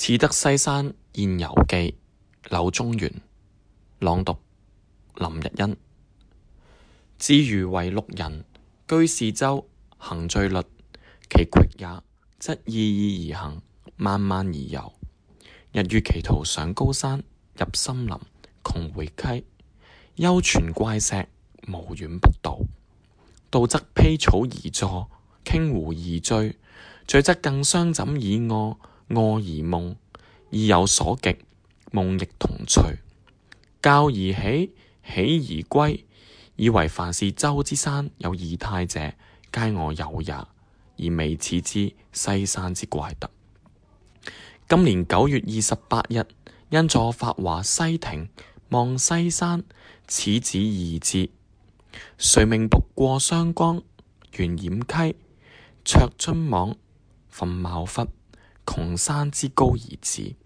《始得西山宴遊記》柳，柳宗元朗讀林日欣。自余為六人，居是州，行聚率其闕也，則意意而行，漫漫而遊。日與其徒，上高山，入深林，窮回溪，幽泉怪石，無遠不到。到則披草而坐，傾壺而醉，醉則更相枕以臥。臥而夢，意有所極，夢亦同趣。教而起，起而歸，以為凡是州之山有異態者，皆我有也。而未始知西山之怪特。今年九月二十八日，因坐法華西亭，望西山，始指異之。遂命僕過湘江，緣染溪，卓春莽，焚茂忽。同山之高而置，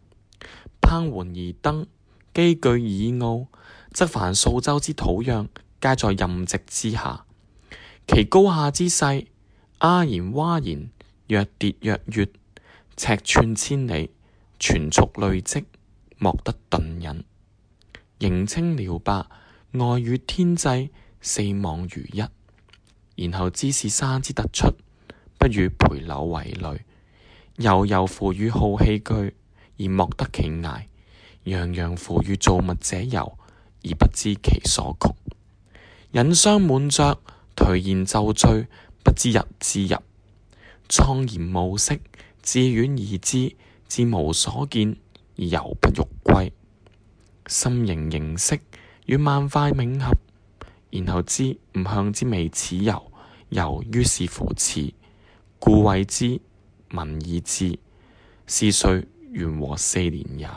攀援而登，積聚以傲，則凡數州之土壤，皆在任席之下。其高下之勢，阿然窪然，若跌若躍，尺寸千里，全速累積，莫得頓忍。形清遼白，外與天際，四望如一。然後知是山之突出，不與培柳為類。悠悠乎與浩氣俱，而莫得其涯；洋洋乎與造物者遊，而不知其所窮。引觴滿酌，頹然就醉，不知日之日。蒼然暮色，自遠而至，至無所見，而猶不欲歸。心形盈息，與萬化冥合，然後知吾向之未始遊。遊於是乎始，故謂之。文以志，是歲，元和四年也。